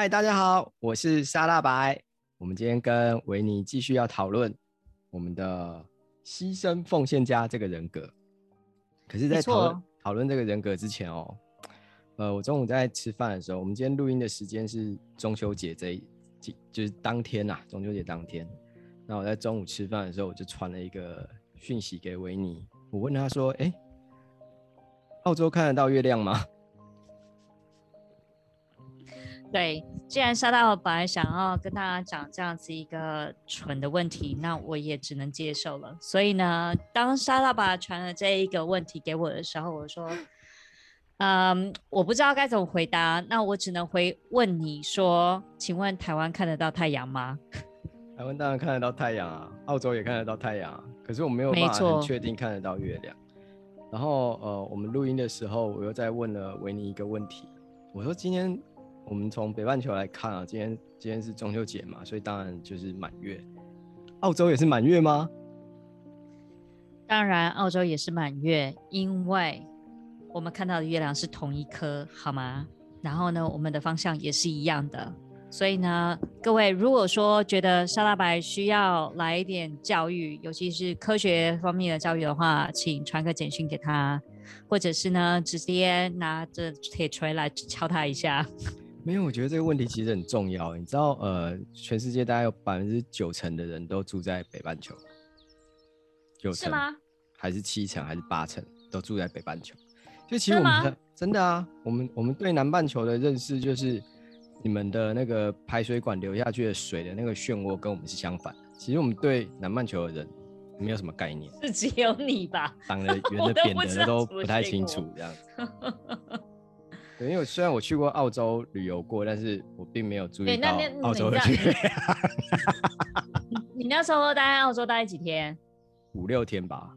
嗨，大家好，我是沙大白。我們今天跟維妮繼續要討論我們的犧牲奉獻家這個人格。可是在，在討論討論這個人格之前哦，呃，我中午在吃飯的時候，我們今天錄音的時間是中秋節這一，就就是當天吶、啊，中秋節當天。那我在中午吃飯的時候，我就傳了一個訊息給維妮，我問他說：“哎、欸，澳洲看得到月亮嗎？”對，既然沙大白本來想要跟大家講這樣子一個蠢的問題，那我也只能接受了。所以呢，當沙大白傳了這一個問題給我的時候，我說：“嗯，我不知道該怎麼回答，那我只能回問你說，請問台灣看得到太陽嗎？”台灣當然看得到太陽啊，澳洲也看得到太陽啊，可是我們沒有辦法確定看得到月亮。然後呃，我們錄音的時候，我又再問了維妮一個問題，我說：“今天。”我們從北半球來看啊，今天今天是中秋節嘛，所以當然就是滿月。澳洲也是滿月嗎？當然，澳洲也是滿月，因為我們看到的月亮是同一顆，好嗎？然後呢，我們的方向也是一樣的。所以呢，各位如果說覺得沙大白需要來一點教育，尤其是科學方面的教育的話，請傳個簡訊給他，或者是呢，直接拿着鐵錘來敲他一下。因為我覺得這個問題其實很重要，你知道，呃，全世界大概有百分之九成的人都住在北半球，九成？還是七成？還是八成？都住在北半球。就其實我們的真的啊，我們我們對南半球的認識就是，你們的那個排水管流下去的水的那個漩渦跟我們是相反。其實我們對南半球的人沒有什麼概念。是只有你吧？長 得圓的、扁的都不太清楚這樣。 因為雖然我去過澳洲旅遊過，但是我並沒有注意到澳洲的、欸、你，你那時候待在澳洲待幾天？五六天吧。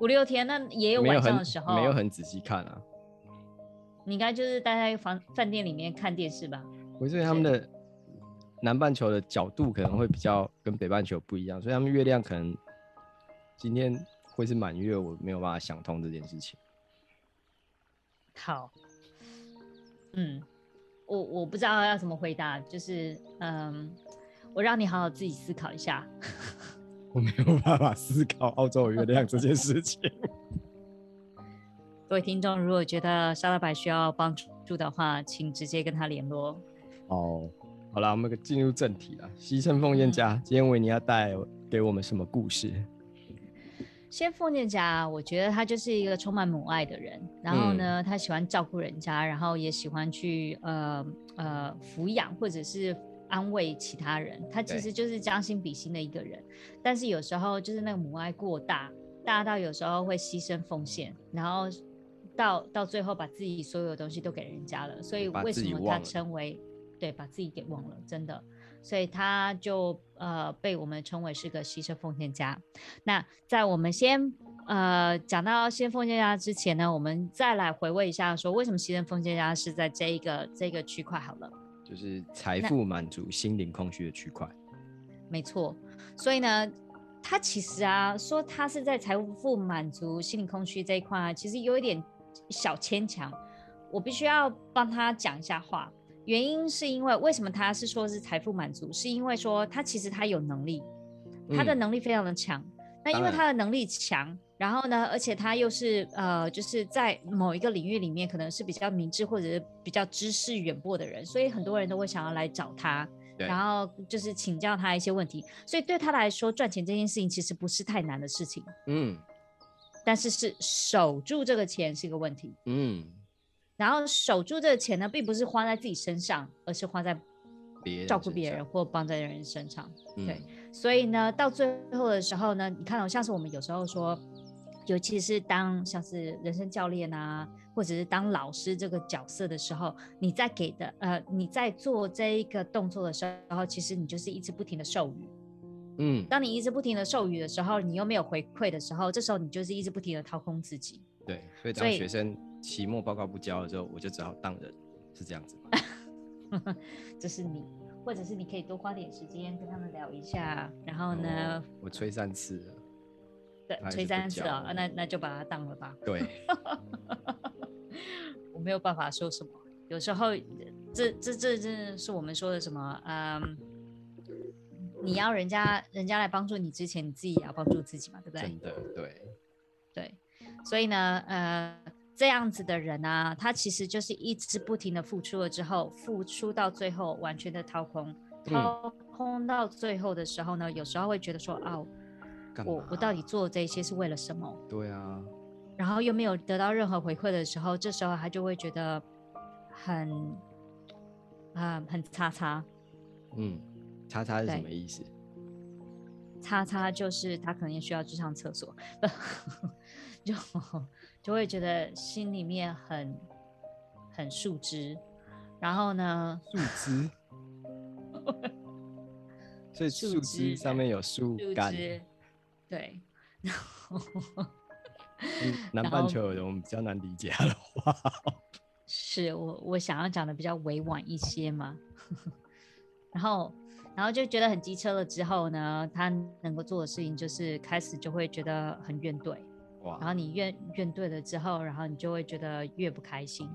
五六天，那也有晚上的時候。沒有很，沒有很仔細看啊。你應該就是待在房飯店裡面看電視吧。我覺得他們的南半球的角度可能會比較跟北半球不一樣，所以他們月亮可能今天會是滿月，我沒有辦法想通這件事情。好。嗯，我我不知道要怎麼回答，就是嗯，我讓你好好自己思考一下。我沒有辦法思考澳洲月亮這件事情。各 位聽眾，如果覺得沙大白需要幫助的話，請直接跟他聯絡。哦、oh.，好啦，我們進入正題了。犧牲奉獻家，嗯、今天維妮要帶給我們什麼故事？先奉獻家，我覺得他就是一個充滿母愛的人。然後呢，嗯、他喜歡照顧人家，然後也喜歡去呃呃撫養或者是安慰其他人。他其實就是將心比心的一個人。但是有時候就是那個母愛過大，大到有時候會犧牲奉獻，然後到到最後把自己所有的東西都給人家了。所以為什麼他稱為把對把自己給忘了？真的。所以他就呃被我們稱為是個犧牲奉獻家。那在我們先呃講到先奉獻家之前呢，我們再來回味一下，說為什麼犧牲奉獻家是在這一個這個區塊好了？就是財富滿足心靈空虛的區塊。沒錯。所以呢，他其實啊，說他是在財富滿足心靈空虛這一塊、啊，其實有一點小牽強。我必須要幫他講一下話。原因是因為為什麼他是說是財富滿足，是因為說他其實他有能力，嗯、他的能力非常的強。那因為他的能力強，然後呢，而且他又是呃，就是在某一個領域裡面可能是比較明智或者是比較知識淵博的人，所以很多人都會想要來找他，然後就是請教他一些問題。所以對他來說，賺錢這件事情其實不是太難的事情。嗯，但是是守住這個錢是一個問題。嗯。然後守住這個錢呢，並不是花在自己身上，而是花在照顧別人或幫在別人、人身上。對、嗯，所以呢，到最後的時候呢，你看到，哦、像是我們有時候說，尤其是當像是人生教練啊，或者是當老師這個角色的時候，你在給的，呃，你在做這一個動作的時候，然後其實你就是一直不停的授予。嗯。當你一直不停的授予的時候，你又沒有回饋的時候，這時候你就是一直不停的掏空自己。對，所以當學生。期末報告不交了之後，我就只好當人，是這樣子嗎？這 是你，或者是你可以多花點時間跟他們聊一下。然後呢？哦、我催三次了。對，催三次啊、哦，那那就把它當了吧。對。 我沒有辦法說什麼。有時候，這這這這是我們說的什麼？嗯，你要人家人家來幫助你之前，你自己也要幫助自己嘛，對不對？真的，對。對，所以呢，呃。這樣子的人啊，他其實就是一直不停的付出了，之後付出到最後完全的掏空、嗯，掏空到最後的時候呢，有時候會覺得說哦，我、啊、我到底做的這些是為了什麼？對啊，然後又沒有得到任何回饋的時候，這時候他就會覺得很，嗯、呃，很叉叉。嗯，叉叉是什麼意思？叉叉就是他可能也需要去上廁所， 就。就會覺得心裡面很很樹枝，然後呢？樹枝， 樹枝，所以樹枝上面有樹幹，對。 然後南半球有人我們比較難理解他的話。是我我想要講的比較委婉一些嘛？ 然後然後就覺得很機車了之後呢，他能夠做的事情就是開始，就會覺得很怨懟。然後你怨怨對了之後，然後你就會覺得越不開心。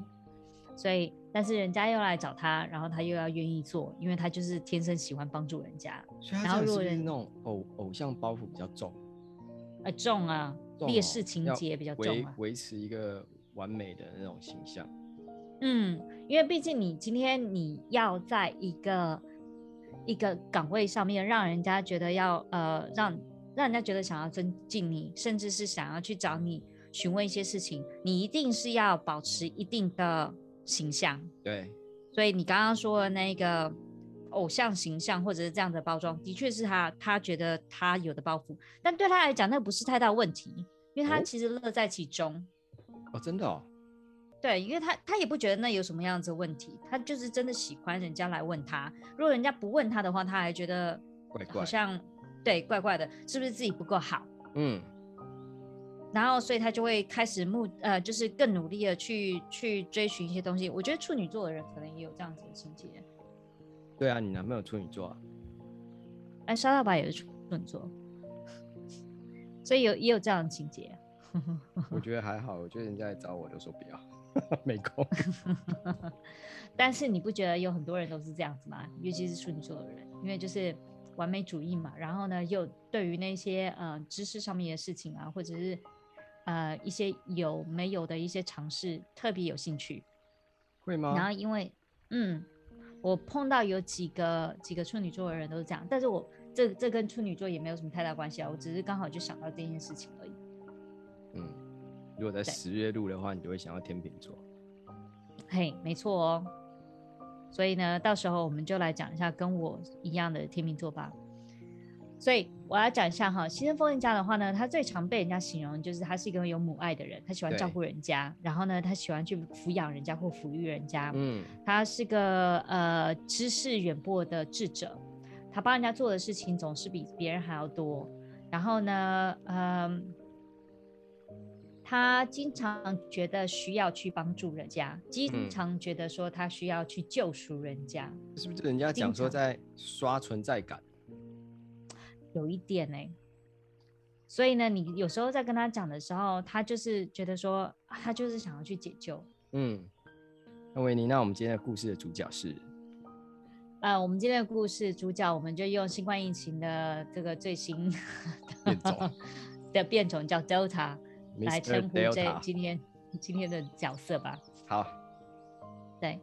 所以，但是人家又來找他，然後他又要願意做，因為他就是天生喜歡幫助人家。然後如果是那種偶偶像包袱比較重。啊、呃、重啊，烈士情節比較重，啊，維，維持一個完美的那種形象。嗯，因為畢竟你今天你要在一個一個崗位上面，讓人家覺得要呃讓。讓人家覺得想要尊敬你，甚至是想要去找你詢問一些事情，你一定是要保持一定的形象。對，所以你剛剛說的那個偶像形象或者是這樣的包裝，的確是他他覺得他有的包袱，但對他來講那不是太大問題，因為他其實樂在其中。哦，哦，真的哦？對，因為他他也不覺得那有什麼樣子的問題，他就是真的喜歡人家來問他。如果人家不問他的話，他還覺得怪怪好像。對，怪怪的，是不是自己不夠好？嗯，然後所以他就會開始目呃，就是更努力的去去追尋一些東西。我覺得處女座的人可能也有這樣子的情節。對啊，你男朋友處女座、啊，哎、欸，沙大白也是處女座，所以有也有這樣的情節。 我覺得還好，我覺得人家來找我都說不要， 沒空。 但是你不覺得有很多人都是這樣子嗎？尤其是處女座的人，因為就是。完美主義嘛，然後呢，又對於那些呃知識上面的事情啊，或者是呃一些有沒有的一些嘗試特別有興趣。會嗎？然後因為嗯，我碰到有幾個幾個處女座的人都是這樣，但是我這這跟處女座也沒有什麼太大關係啊，我只是剛好就想到這件事情而已。嗯，如果在十月錄的話，你就會想到天秤座。嘿，沒錯哦。所以呢，到時候我們就來講一下跟我一樣的天秤座吧。所以我來講一下哈，犧牲奉獻家的話呢，他最常被人家形容就是他是一個有母愛的人，他喜歡照顧人家，然後呢，他喜歡去撫養人家或撫育人家。嗯，他是個呃知識淵博的智者，他幫人家做的事情總是比別人還要多。然後呢，嗯、呃。他經常覺得需要去幫助人家，經常覺得說他需要去救贖人家，嗯、是不是？人家講說在刷存在感，有一點呢、欸。所以呢，你有時候在跟他講的時候，他就是覺得說，他就是想要去解救。嗯，那維妮，那我們今天的故事的主角是……呃，我們今天的故事主角，我們就用新冠疫情的這個最新的變種， 變種叫 Delta。來稱呼這今天今天的角色吧。好，對，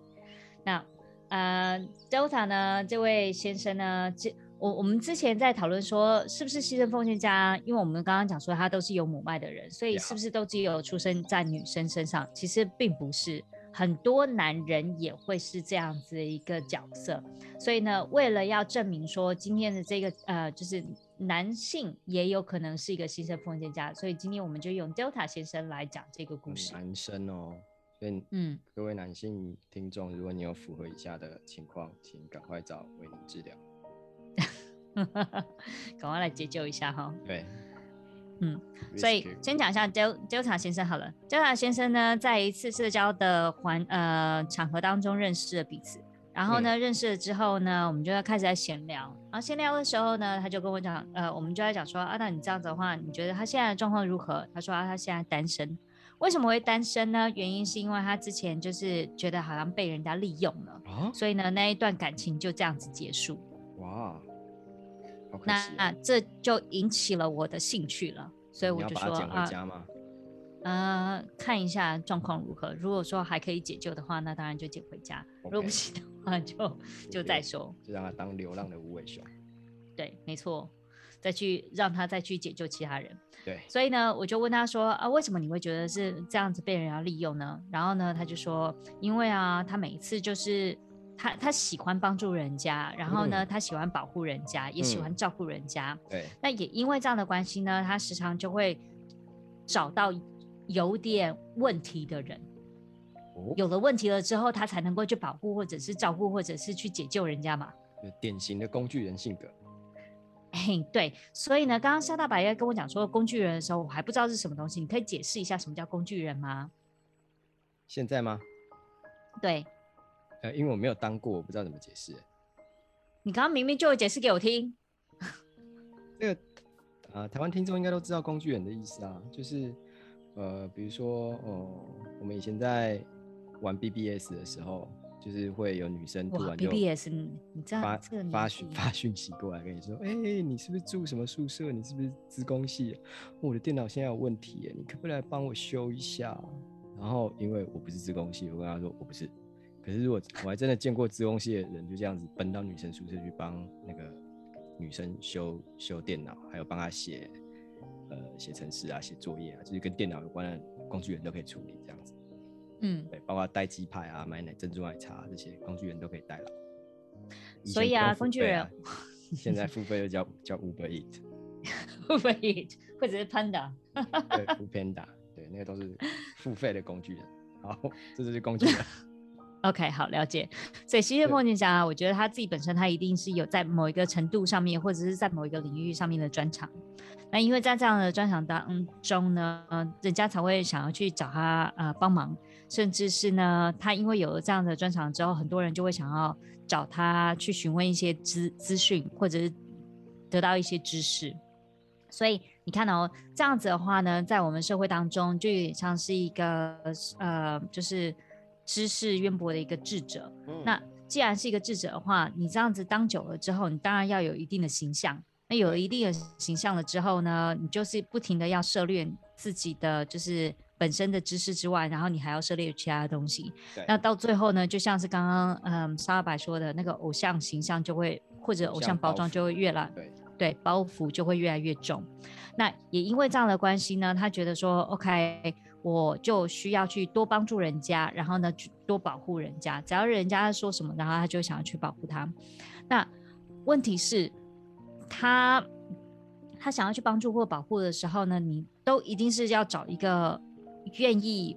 那呃，大白呢？這位先生呢？這我我們之前在討論說，是不是犧牲奉獻家啊？因為我們剛剛講說，他都是有母愛的人，所以是不是都只有出生在女生身上？Yeah. 其實並不是，很多男人也會是這樣子的一個角色。所以呢，為了要證明說，今天的這個呃，就是。男性也有可能是一個犧牲奉獻家，所以今天我們就用 Delta 先生來講這個故事。男生哦，所以嗯，各位男性聽眾，如果你有符合以下的情況，請趕快找維妮治療， 趕快來解救一下哈、哦。對，嗯，所以先講一下 Delta 先生好了。Delta 先生呢，在一次社交的環呃場合當中認識了彼此。然後呢、嗯，認識了之後呢，我們就要開始在閒聊。然後閒聊的時候呢，他就跟我講，呃，我們就在講說，啊，那你這樣子的話，你覺得他現在的狀況如何？他說啊，他現在單身。為什麼會單身呢？原因是因為他之前就是覺得好像被人家利用了，啊、所以呢，那一段感情就這樣子結束。哇，好可惜。那，那這就引起了我的興趣了，所以我就說、嗯、啊，呃，看一下狀況如何、嗯。如果說還可以解救的話，那當然就解回家。Okay. 如果不行的啊、嗯，就就再說，就讓他當流浪的無尾熊。對，沒錯，再去讓他再去解救其他人。對，所以呢，我就問他說啊，為什麼你會覺得是這樣子被人要利用呢？然後呢，他就說，因為啊，他每一次就是他他喜歡幫助人家，然後呢，嗯、他喜歡保護人家、嗯，也喜歡照顧人家、嗯。對，那也因為這樣的關係呢，他時常就會找到有點問題的人。有了問題了之後，他才能夠去保護，或者是照顧，或者是去解救人家嘛。典型的工具人性格。欸、對，所以呢，剛剛沙大白跟我講說工具人的時候，我還不知道是什麼東西。你可以解釋一下什麼叫工具人嗎？現在嗎？對。呃，因為我沒有當過，我不知道怎麼解釋。你剛剛明明就有解釋給我聽。這個啊、呃，台灣聽眾應該都知道工具人的意思啊，就是呃，比如說哦、呃，我們以前在。玩 BBS 的時候，就是會有女生突然就發 BBS，你知道發訊發訊息過來跟你說：“哎、欸，你是不是住什麼宿舍？你是不是資工系、啊哦？我的電腦現在有問題耶，你可不可以來幫我修一下、啊？”然後因為我不是資工系，我跟他說：“我不是。”可是如果我還真的見過資工系的人就這樣子奔到女生宿舍去幫那個女生修修電腦，還有幫他寫呃寫程式啊、寫作業啊，就是跟電腦有關的工具人都可以處理這樣子。嗯，對，包括帶雞排啊、買奶的珍珠奶茶、啊、這些工具人都可以帶了、啊。所以啊，工具人現在付費又叫 叫 Uber Eat Uber Eat，或者是 Panda， 對，Panda，對，那個都是付費的工具人。好，這就是工具人。 OK，好，了解。所以犧牲奉獻家啊，我覺得他自己本身他一定是有在某一個程度上面，或者是在某一個領域上面的專長。那因為在這樣的專長當中呢，嗯，人家才會想要去找他呃幫忙，甚至是呢，他因為有了這樣的專長之後，很多人就會想要找他去詢問一些資資訊，或者是得到一些知識。所以你看哦，這樣子的話呢，在我們社會當中，就像是一個呃，就是。知識淵博的一個智者。嗯，那既然是一個智者的話，你這樣子當久了之後，你當然要有一定的形象。那有了一定的形象了之後呢，你就是不停的要涉獵自己的就是本身的知識之外，然後你還要涉獵其他的東西。那到最後呢，就像是剛剛嗯、呃、沙白說的那個偶像形象就會或者偶像包裝就會越來對對包袱就會越來越重。那也因為這樣的關係呢，他覺得說 OK。我就需要去多幫助人家，然後呢，去多保護人家。只要人家說什麼，然後他就想要去保護他。那問題是，他他想要去幫助或保護的時候呢，你都一定是要找一個願意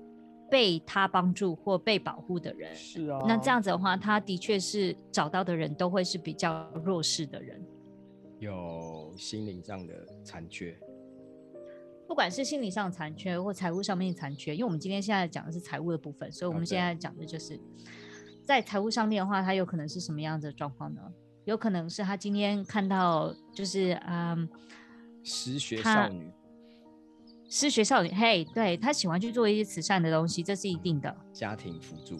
被他幫助或被保護的人。是啊、哦。那這樣子的話，他的確是找到的人都會是比較弱勢的人，有心靈上的殘缺。不管是心理上殘缺，或財務上面殘缺，因為我們今天現在講的是財務的部分，所以我們現在講的就是在財務上面的話，他有可能是什麼樣子的狀況呢？有可能是他今天看到，就是嗯，失學少女，失學少女，嘿、hey，對，他喜歡去做一些慈善的東西，這是一定的，家庭輔助，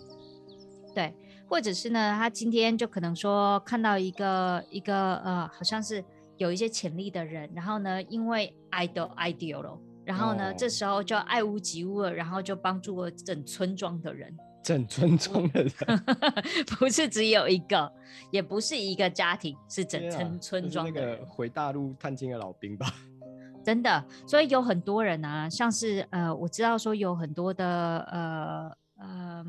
對，或者是呢，他今天就可能說看到一個一個呃，好像是。有一些潛力的人，然後呢，因為愛的愛多了，然後呢，哦、這時候就愛屋及烏了，然後就幫助了整村莊的人。整村莊的人， 不是只有一個，也不是一個家庭，是整村莊、啊、村莊。就是、那個回大陸探親的老兵吧，真的。所以有很多人啊，像是呃，我知道說有很多的呃呃，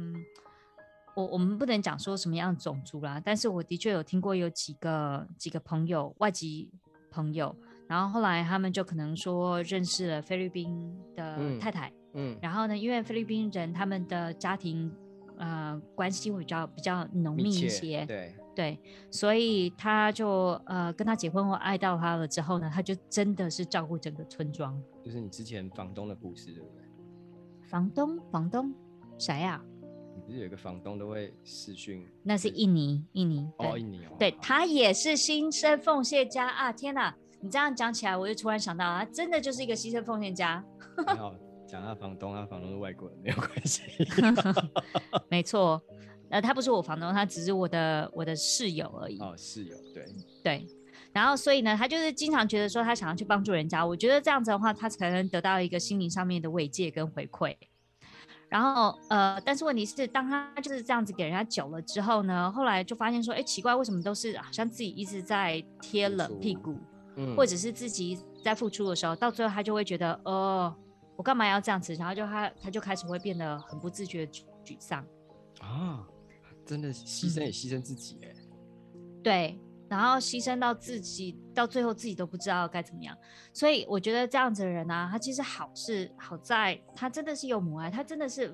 我我們不能講說什麼樣的種族啦，但是我的確有聽過有幾個幾個朋友外籍。朋友，然後後來他們就可能說認識了菲律賓的太太，嗯，嗯，然後呢，因為菲律賓人他們的家庭呃關係會比較比較濃密一些，對對，所以他就呃跟他結婚或愛到他了之後呢，他就真的是照顧整個村莊，就是你之前房東的故事，對不對？房東，房東，誰啊？你不是有一個房東都會視訊？那是印尼，印尼哦，印尼哦，對，他也是犧牲奉獻家啊！天哪，你這樣講起來，我就突然想到啊，他真的就是一個犧牲奉獻家。講 他房東，他房東是外國人，沒有關係。 沒錯，呃，他不是我房東，他只是我的我的室友而已。哦，室友，對對。然後所以呢，他就是經常覺得說他想要去幫助人家，我覺得這樣子的話，他才能得到一個心靈上面的慰藉跟回饋。然後，呃，但是問題是，當他就是這樣子給人家久了之後呢，後來就發現說，哎，奇怪，為什麼都是好像自己一直在貼冷屁股、嗯，或者是自己在付出的時候，到最後他就會覺得，哦，我幹嘛要這樣子？然後就他他就開始會變得很不自覺沮喪。啊、哦，真的犧牲也犧牲自己哎、嗯。對。然後犧牲到自己，到最後自己都不知道該怎麼樣。所以我覺得這樣子的人啊，他其實好是好在，他真的是有母愛，他真的是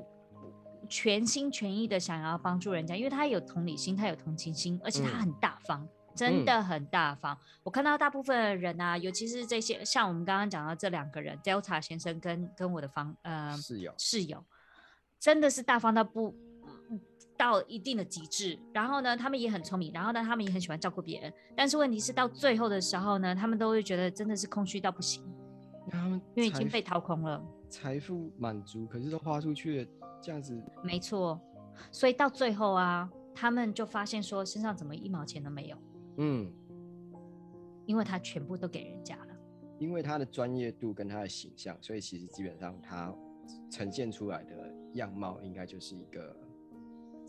全心全意的想要幫助人家，因為他有同理心，他有同情心，而且他很大方，嗯、真的很大方、嗯。我看到大部分的人啊，尤其是這些像我們剛剛講到這兩個人，調查先生跟跟我的房呃室友室友，真的是大方到不。到一定的極致，然後呢，他們也很聰明，然後呢，他們也很喜歡照顧別人，但是問題是到最後的時候呢，他們都會覺得真的是空虛到不行。他們因為已經被掏空了，財富滿足，可是都花出去了，這樣子。沒錯，所以到最後啊，他們就發現說身上怎麼一毛錢都沒有。嗯，因為他全部都給人家了。因為他的專業度跟他的形象，所以其實基本上他呈現出來的樣貌應該就是一個。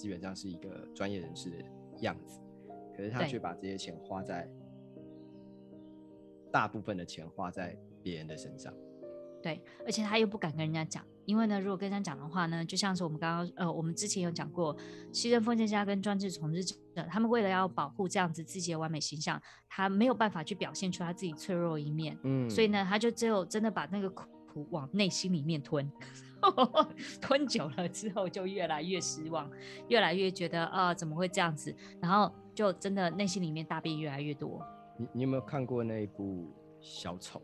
基本上是一個專業人士的樣子，可是他卻把這些錢花在大部分的錢花在別人的身上。對，而且他又不敢跟人家講，因為呢，如果跟人家講的話呢，就像是我們剛剛呃，我們之前有講過，犧牲奉獻家跟專制統治者，他們為了要保護這樣子自己的完美形象，他沒有辦法去表現出他自己脆弱一面。嗯，所以呢，他就只有真的把那個。往內心裡面吞呵呵呵，吞久了之後就越來越失望，越來越覺得啊怎麼會這樣子？然後就真的內心裡面大便越來越多。你你有沒有看過那一部小丑？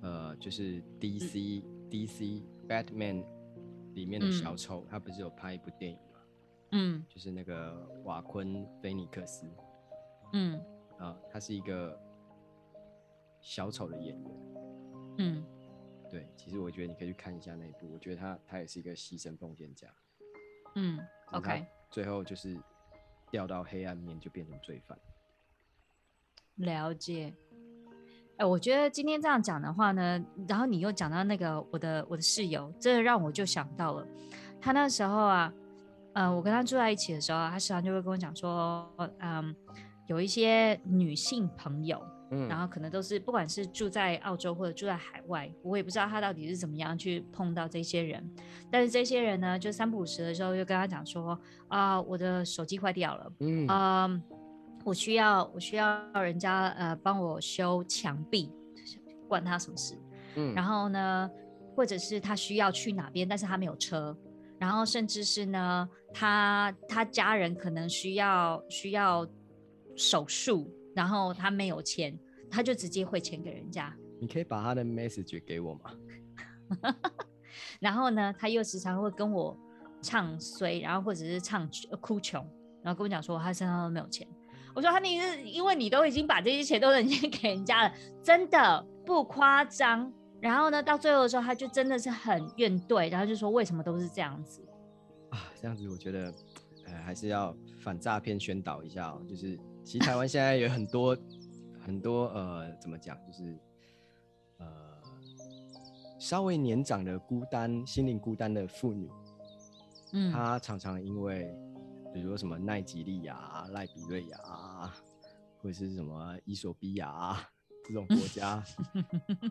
呃，就是 D C、嗯、D C Batman 裡面的小丑、嗯，他不是有拍一部電影嗎？嗯，就是那個瓦昆菲尼克斯。嗯，啊、呃，他是一個小丑的演員。嗯，對，其實我覺得你可以去看一下那一部，我覺得他他也是一個犧牲奉獻家。嗯，OK，最後就是掉到黑暗面就變成罪犯。了解。哎、欸，我覺得今天這樣講的話呢，然後你又講到那個我的我的室友，這讓我就想到了，他那時候啊，呃，我跟他住在一起的時候，他時常就會跟我講說，嗯，有一些女性朋友。然後可能都是不管是住在澳洲或者住在海外，我也不知道他到底是怎麼樣去碰到這些人。但是這些人呢，就三不五時的時候就跟他講說，啊，我的手機壞掉了，嗯，我需要我需要人家呃幫我修牆壁，關他什麼事，然後呢，或者是他需要去哪邊，但是他沒有車，然後甚至是呢，他他家人可能需要需要手術。然後他沒有錢，他就直接匯錢給人家。你可以把他的 message 給我嗎？ 然後呢，他又時常會跟我唱衰，然後或者是唱哭窮，然後跟我講說他身上都沒有錢。我說他那是因為你都已經把這些錢都已經給人家了，真的不誇張。然後呢，到最後的時候，他就真的是很怨懟，然後就說為什麼都是這樣子啊？這樣子我覺得呃還是要反詐騙宣導一下哦，就是。其實台灣現在有很多， 很多呃，怎麼講，就是呃，稍微年長的孤單、心靈孤單的婦女、嗯，她常常因為，比如說什麼奈及利亞、賴比瑞亞，或者是什麼伊索比亞這種國家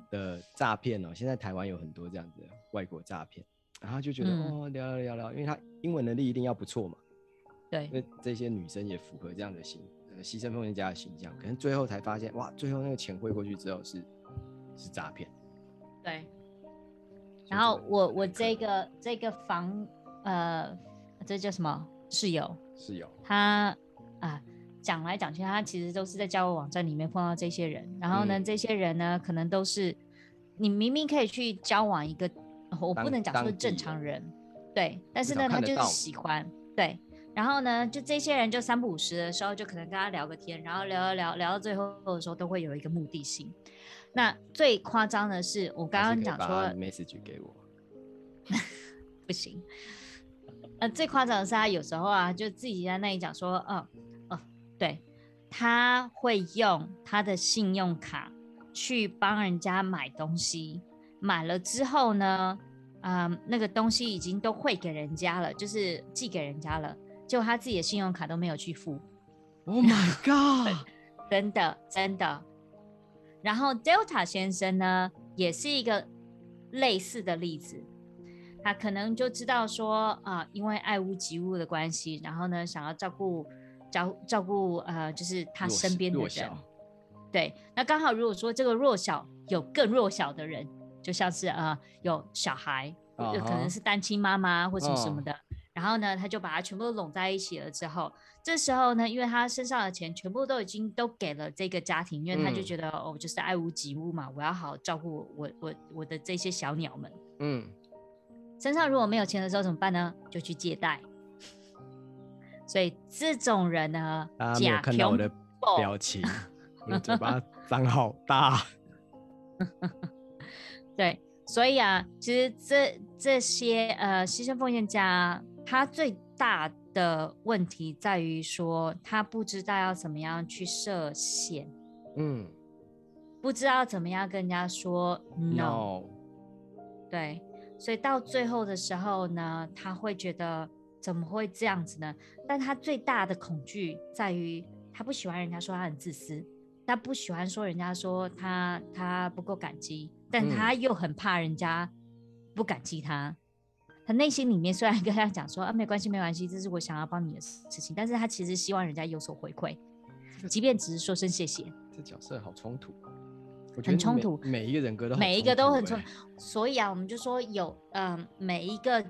的詐騙哦。 現在台灣有很多這樣子的外國詐騙，然後就覺得、嗯、哦，聊聊聊聊，因為她英文能力一定要不錯嘛，對，因為這些女生也符合這樣的心。犧牲奉獻家的形象，可能最後才發現，哇，最後那個錢匯過去之後是是詐騙。對。然後我我，我這個這個房，呃，這叫什麼室友？室友。他啊，講來講去，他其實都是在交友網站裡面碰到這些人，然後呢、嗯，這些人呢，可能都是你明明可以去交往一個，我不能講說是正常人，對，但是呢，他就是喜歡，對。然後呢，就這些人就三不五時的時候，就可能跟他聊個天，然後聊聊聊，聊到最後的時候都會有一個目的性。那最誇張的是，我剛剛講說 message 給我， 不行。那、呃、最誇張的是他，啊，有時候啊，就自己在那裡講說，嗯、哦哦，對，他會用他的信用卡去幫人家買東西，買了之後呢，呃、那個東西已經都匯給人家了，就是寄給人家了。就他自己的信用卡都沒有去付，Oh my god！ 真的真的。然後 Delta 先生呢，也是一個類似的例子。他可能就知道說啊、呃，因為愛屋及烏的關係，然後呢，想要照顧照照顧呃，就是他身邊的人。對，那剛好如果說這個弱小有更弱小的人，就像是啊、呃，有小孩，就、Uh-huh. 可能是單親媽媽或者什麼，什麼的。Uh-huh. 然後呢，他就把它全部都攏在一起了。之後，這時候呢，因為他身上的錢全部都已經都給了這個家庭，因為他就覺得、嗯、哦，就是愛屋及烏嘛，我要好好照顧我我我我的這些小鳥們。嗯，身上如果沒有錢的時候怎麼辦呢？就去借貸。所以這種人呢，大家沒有看到我的表情， 我的嘴巴張好大。 對，所以啊，其實這這些呃，犧牲奉獻家。他最大的問題在於說，他不知道要怎麼樣去設限，嗯，不知道怎麼樣跟人家說 no, no，對，所以到最後的時候呢，他會覺得怎麼會這樣子呢？但他最大的恐懼在於他不喜歡人家說他很自私，他不喜歡說人家說他他不夠感激，但他又很怕人家不感激他。嗯他內心裡面雖然跟他講說啊，沒關係，沒關係，這是我想要幫你的事情，但是他其實希望人家有所回饋，即便只是說聲謝謝。這角色好衝突，我覺得很衝突。每一個人格都、欸、每一個都很衝，所以啊，我們就說有嗯，每一個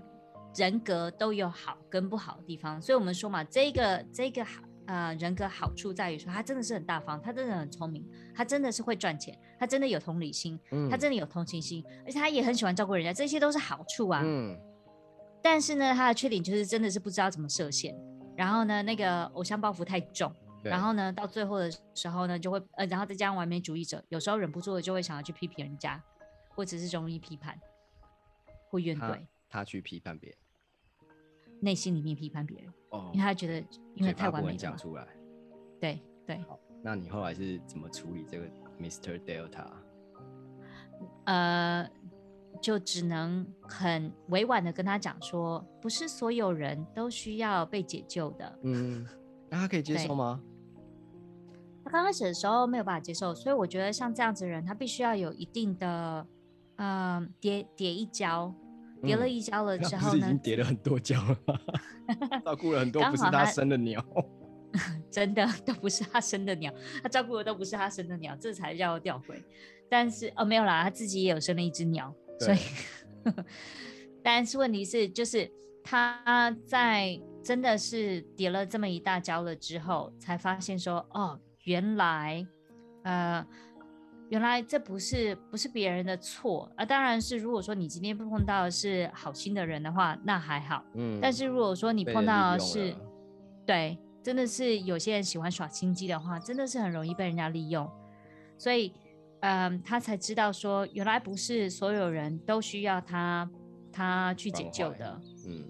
人格都有好跟不好的地方。所以我們說嘛，這個這個好啊、呃，人格好處在於說他真的是很大方，他真的很聰明，他真的是會賺錢，他真的有同理心、嗯，他真的有同情心，而且他也很喜歡照顧人家，這些都是好處啊。嗯但是呢，他的缺點就是真的是不知道怎麼設限，然後呢，那個偶像包袱太重，然後呢，到最後的時候呢，就會呃，然後再加上完美主義者，有時候忍不住的就會想要去批評人家，或者是容易批判，會怨懟。他去批判別人，內心裡面批判別人。哦，因為他覺得因為太完美。講出來。對對好。那你後來是怎麼處理這個 Mr. Delta？呃。就只能很委婉的跟他講說，不是所有人都需要被解救的。嗯，那他可以接受嗎？他剛開始的時候沒有辦法接受，所以我覺得像這樣子的人，他必須要有一定的，嗯、呃，跌跌一跤，跌了一跤了之後呢，嗯、已經跌了很多跤了 照顧了很多不是他生的鳥， 真的都不是他生的鳥，他照顧的都不是他生的鳥，這才叫吊詭。但是哦，沒有啦，他自己也有生了一隻鳥。所以，但是問題是，就是他在真的是跌了這麼一大跤，了之後，才發現說，哦，原來，呃，原來這不是不是別人的錯啊。而當然是如果說你今天碰到的是好心的人的話，那還好。嗯。但是如果說你碰到的是，對，真的是有些人喜歡耍心機的話，真的是很容易被人家利用。所以。嗯，他才知道說，原來不是所有人都需要他，他去解救的。嗯。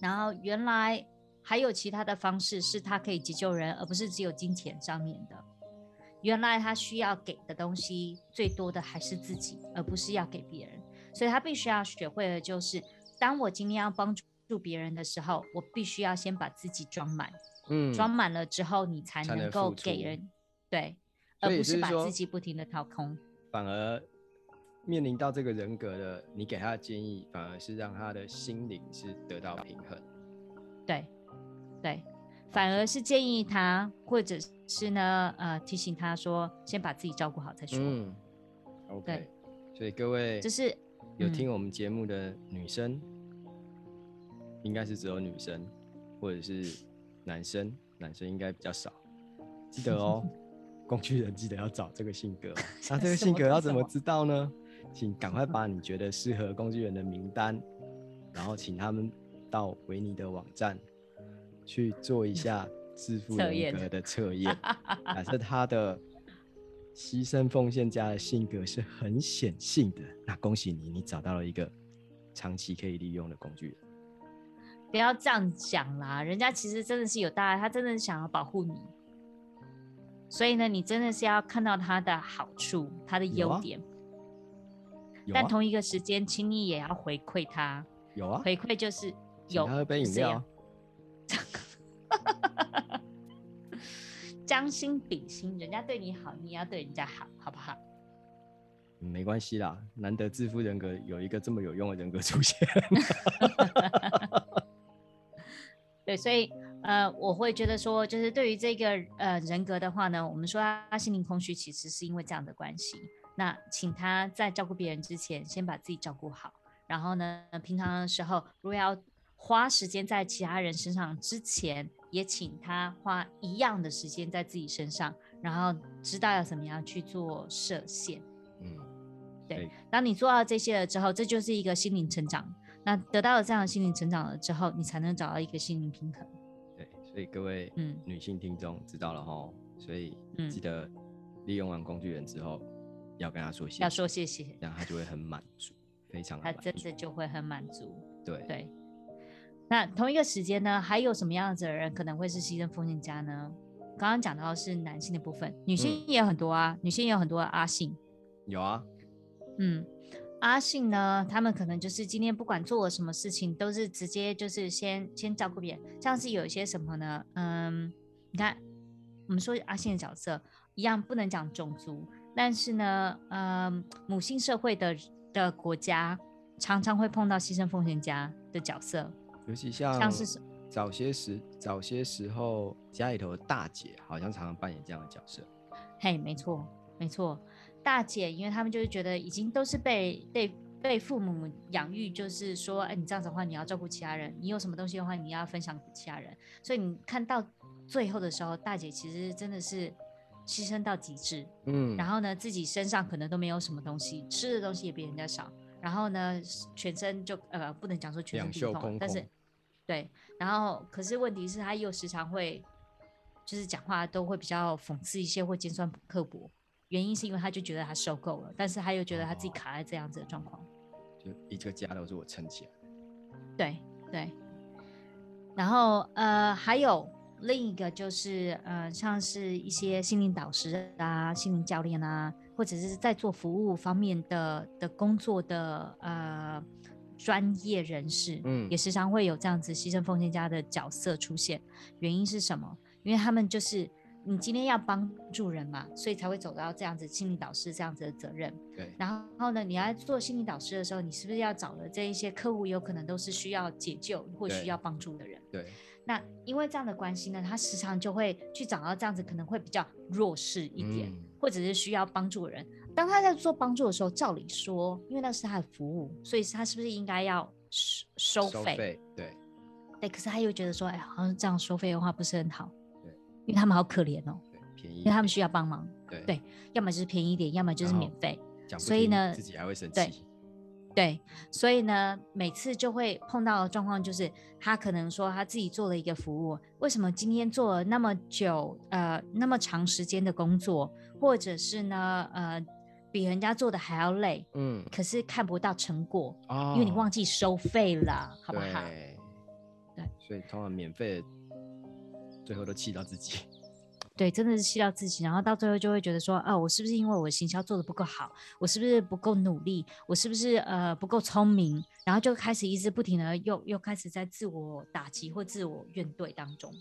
然後原來還有其他的方式是他可以解救人，而不是只有金錢上面的。原來他需要給的東西最多的還是自己，而不是要給別人。所以他必須要學會的就是，當我今天要幫助別人的時候，我必須要先把自己裝滿。嗯。裝滿了之後，你才能夠給人。對。而不是把自己不停的掏空，反而面臨到這個人格的，你給他的建議，反而是讓他的心靈是得到平衡。對，對，反而是建議他，或者是呢，呃，提醒他說，先把自己照顧好再說。嗯對，OK。所以各位，就是、嗯、有聽我們節目的女生，應該是只有女生，或者是男生，男生應該比較少。記得哦。 工具人記得要找這個性格，那這個性格要怎麼知道呢？請趕快把你覺得適合工具人的名單，然後請他們到維妮的網站去做一下致富人格的測驗。假設 他的犧牲奉獻家的性格是很顯性的，那恭喜你，你找到了一個長期可以利用的工具人。不要這樣講啦，人家其實真的是有大愛，他真的想要保護你。所以呢，你真的是要看到他的好處，他的優點。有啊有啊。但同一個時間，請你也要回饋他。有啊。回饋就是有。請喝杯飲料。將 心比心，人家對你好，你也要對人家好，好不好？沒關係啦，難得致富人格有一個這麼有用的人格出現。 對，所以。呃，我會覺得說，就是對於這個呃人格的話呢，我們說他心靈空虛，其實是因為這樣的關係。那請他在照顧別人之前，先把自己照顧好。然後呢，平常的時候，如果要花時間在其他人身上之前，也請他花一樣的時間在自己身上。然後知道要怎麼樣去做設限。嗯對，對。當你做到這些了之後，這就是一個心靈成長。那得到了這樣的心靈成長了之後，你才能找到一個心靈平衡。所以各位女性聽眾知道了哈、嗯，所以記得利用完工具人之後，要跟他說謝謝，要說謝謝，這樣他就會很滿足， 非常他真的就會很滿足。對對，那同一個時間呢，還有什麼樣子的人可能會是犧牲奉獻家呢？剛剛講到的是男性的部分，女性也很多啊，嗯、女性也有很多的阿信，有啊，嗯。阿信呢？他們可能就是今天不管做了什麼事情，都是直接就是先先照顧別人。像是有一些什麼呢？嗯，你看，我們說阿信的角色一樣不能講種族，但是呢，嗯，母性社會的的國家常常會碰到犧牲奉獻家的角色，尤其像像是早些時早些時候家裡頭的大姐好像常常扮演這樣的角色。嘿，沒錯，沒錯。大姐，因為他們就是覺得已經都是被被被父母養育，就是說，哎、欸，你這樣子的話，你要照顧其他人，你有什麼東西的話，你要分享給其他人。所以你看到最後的時候，大姐其實真的是犧牲到極致，嗯，然後呢，自己身上可能都沒有什麼東西，吃的東西也比人家少，然後呢，全身就呃不能講說全身病痛通通，但是對，然後可是問題是他又時常會就是講話都會比較諷刺一些，會尖酸刻薄。原因是因為他就覺得他受夠了，但是他又覺得他自己卡在這樣子的狀況。哦，就一個家都是我撐起來。對對，然後呃，還有另一個就是呃，像是一些心靈導師啊、心靈教練啊，或者是在做服務方面的的工作的呃專業人士，嗯，也時常會有這樣子犧牲奉獻家的角色出現。原因是什麼？因為他們就是。你今天要幫助人嘛，所以才會走到這樣子心理導師這樣子的責任。對。然後呢，你要做心理導師的時候，你是不是要找的這一些客戶有可能都是需要解救或需要幫助的人？對。對。那因為這樣的關係呢，他時常就會去找到這樣子可能會比較弱勢一點，嗯、或者是需要幫助的人。當他在做幫助的時候，照理說，因為那是他的服務，所以他是不是應該要收收費，收費？對。對，可是他又覺得說，哎，好像這樣收費的話不是很好。因為他們好可憐哦，對，便宜，因為他們需要幫忙，對對，要麼就是便宜點，要麼就是免費，所以呢，自己還會生氣，對，對所以呢，每次就會碰到的狀況就是，他可能說他自己做了一個服務，為什麼今天做了那麼久，呃，那麼長時間的工作，或者是呢，呃，比人家做的還要累，嗯，可是看不到成果，哦、因為你忘記收費了，好不好？對，對所以通常免費。最後都氣到自己，對，真的是氣到自己，然後到最後就會覺得說，啊，我是不是因為我行銷做得不夠好，我是不是不夠努力，我是不是呃不夠聰明，然後就開始一直不停的又又開始在自我打擊或自我怨懟當中。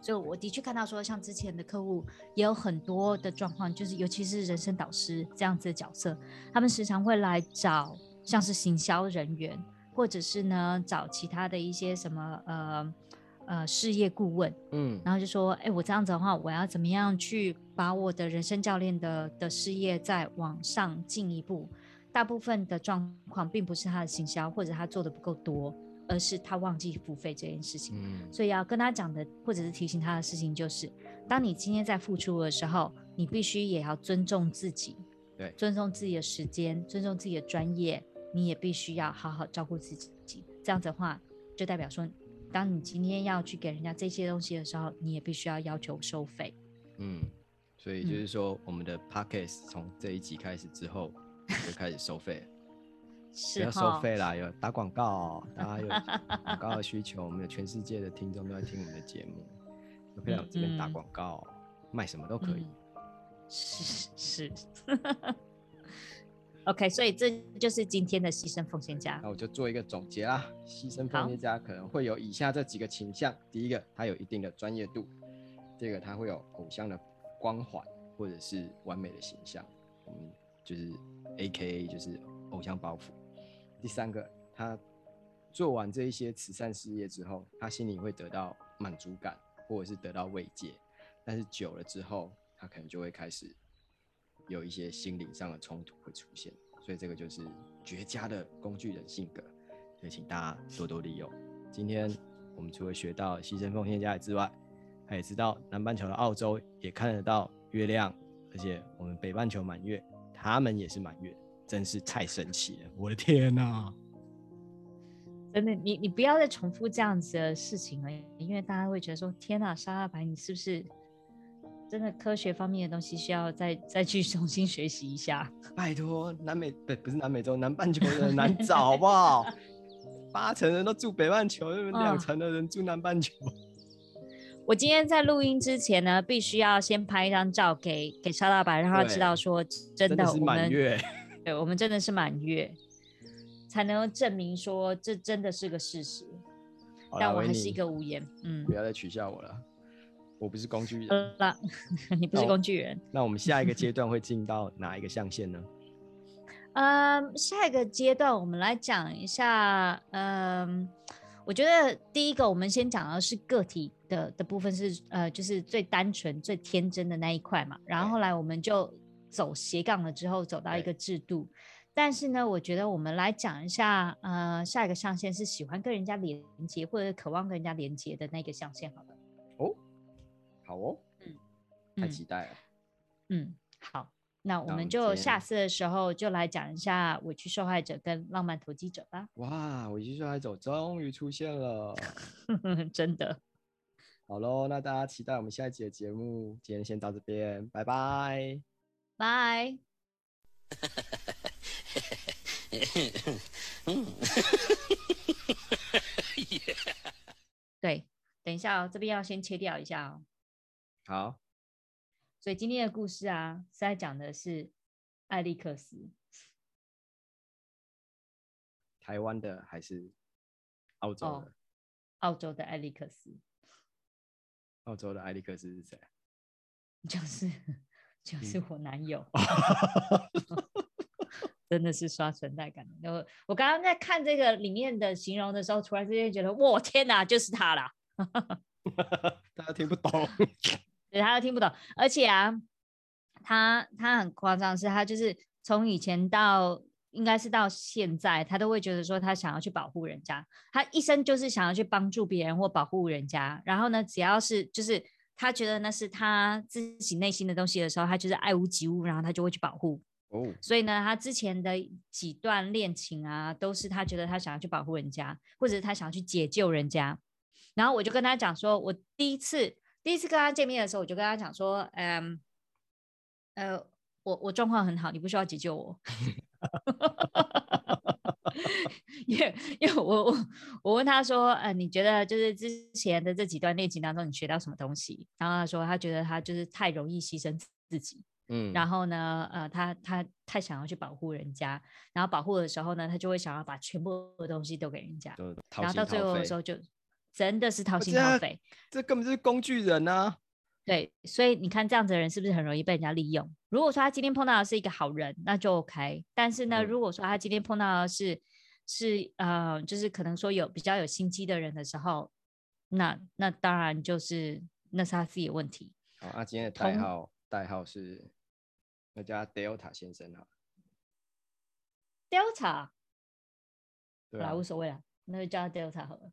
所以我的確看到說，像之前的客戶也有很多的狀況，就是尤其是人生導師這樣子的角色，他們時常會來找像是行銷人員，或者是呢找其他的一些什麼呃。呃，事業顧問，嗯，然後就說，哎，我這樣子的話，我要怎麼樣去把我的人生教練的的事業再往上進一步？大部分的狀況並不是他的行銷或者他做的不夠多，而是他忘記付費這件事情。嗯，所以要跟他講的或者是提醒他的事情就是，當你今天在付出的時候，你必須也要尊重自己，對，尊重自己的時間，尊重自己的專業，你也必須要好好照顧自己。這樣子的話，就代表說。當你今天要去給人家這些東西的時候，你也必須要要求收費。嗯，所以就是說，嗯、我們的 podcast 從這一集開始之後就開始收費， 要收費啦。有打廣告，大家有廣告的需求， 我們的全世界的聽眾都在聽我們的節目， 就可以讓我這邊打廣告，賣什麼都可以。是、嗯嗯、是。是 OK，所以這就是今天的犧牲奉獻家。那我就做一個總結啦。犧牲奉獻家可能會有以下這幾個傾向：第一個，他有一定的專業度；第、這、二個，他會有偶像的光環或者是完美的形象，嗯，就是 AKA 就是偶像包袱。第三個，他做完這一些慈善事業之後，他心裡會得到滿足感或者是得到慰藉，但是久了之後，他可能就會開始。有一些心理上的衝突會出現，所以這個就是絕佳的工具人性格，所以請大家多多利用。今天我們除了學到犧牲奉獻家之外，還知道南半球的澳洲也看得到月亮，而且我們北半球滿月，他們也是滿月，真是太神奇了！我的天哪、啊，真的，你你不要再重複這樣子的事情了，因為大家會覺得說：天哪，沙大白，你是不是？真的科學方面的東西需要再再去重新學習一下。拜託，南美不不是南美洲，南半球的人難找，好不好？ 八成人都住北半球，兩、哦、成的人住南半球。我今天在錄音之前呢，必須要先拍一張照給給沙大白，讓他知道說真，真的我們，對，我們真的是滿月， 才能證明說這真的是個事實。但我還是一個無言，嗯，不要再取笑我了。我不是工具人。 你不是工具人。 那我們下一個階段會進到哪一個象限呢？嗯，下一個階段我們來講一下。嗯，我覺得第一個我們先講的是個體的的部分是，是呃，就是最單純、最天真的那一塊嘛。然後後來我們就走斜槓了，之後走到一個制度。但是呢，我覺得我們來講一下，呃，下一個象限是喜歡跟人家連接，或者渴望跟人家連接的那個象限，好了。哦。好哦，嗯，太期待了，嗯，好，那我們就下次的時候就來講一下委屈受害者跟浪漫投機者吧。哇，委屈受害者終於出現了， 真的。好咯。那大家期待我們下一集的節目，今天先到這邊，拜拜，拜。哈、 yeah. 對，等一下哦，這邊要先切掉一下哦。好，所以今天的故事啊，現在講的是艾利克斯。台灣的還是澳洲的？哦，澳洲的艾利克斯。澳洲的艾利克斯是誰？就是就是我男友。嗯、 真的是刷存在感。我剛剛在看這個裡面的形容的時候，突然之間覺得，我天哪，就是他啦。 大家聽不懂。 對，他都聽不懂，而且啊，他他很誇張，是他就是從以前到應該是到現在，他都會覺得說他想要去保護人家，他一生就是想要去幫助別人或保護人家。然後呢，只要是就是他覺得那是他自己內心的東西的時候，他就是愛屋及烏，然後他就會去保護。Oh. 所以呢，他之前的幾段戀情啊，都是他覺得他想要去保護人家，或者是他想要去解救人家。然後我就跟他講說，我第一次。第一次跟他見面的時候，我就跟他講說，嗯，呃，我我狀況很好，你不需要急救我。因為因為我我我問他說，呃，你覺得就是之前的這幾段戀情當中，你學到什麼東西？然後他說，他覺得他就是太容易犧牲自己，嗯，然後呢，呃，他他太想要去保護人家，然後保護的時候呢，他就會想要把全部的東西都給人家，淘淘然後到最後的時候就。真的是掏心掏肺，啊，這根本就是工具人啊！對，所以你看這樣子的人是不是很容易被人家利用？如果說他今天碰到的是一個好人，那就 OK。但是呢，如果說他今天碰到的是，嗯，是呃，就是可能說有比較有心機的人的時候，那那當然就是那是他自己的問題。好，哦啊，今天的代號代號是那叫他 Delta 先生啊，Delta，那，啊，無所謂了，那就叫他 Delta 好了。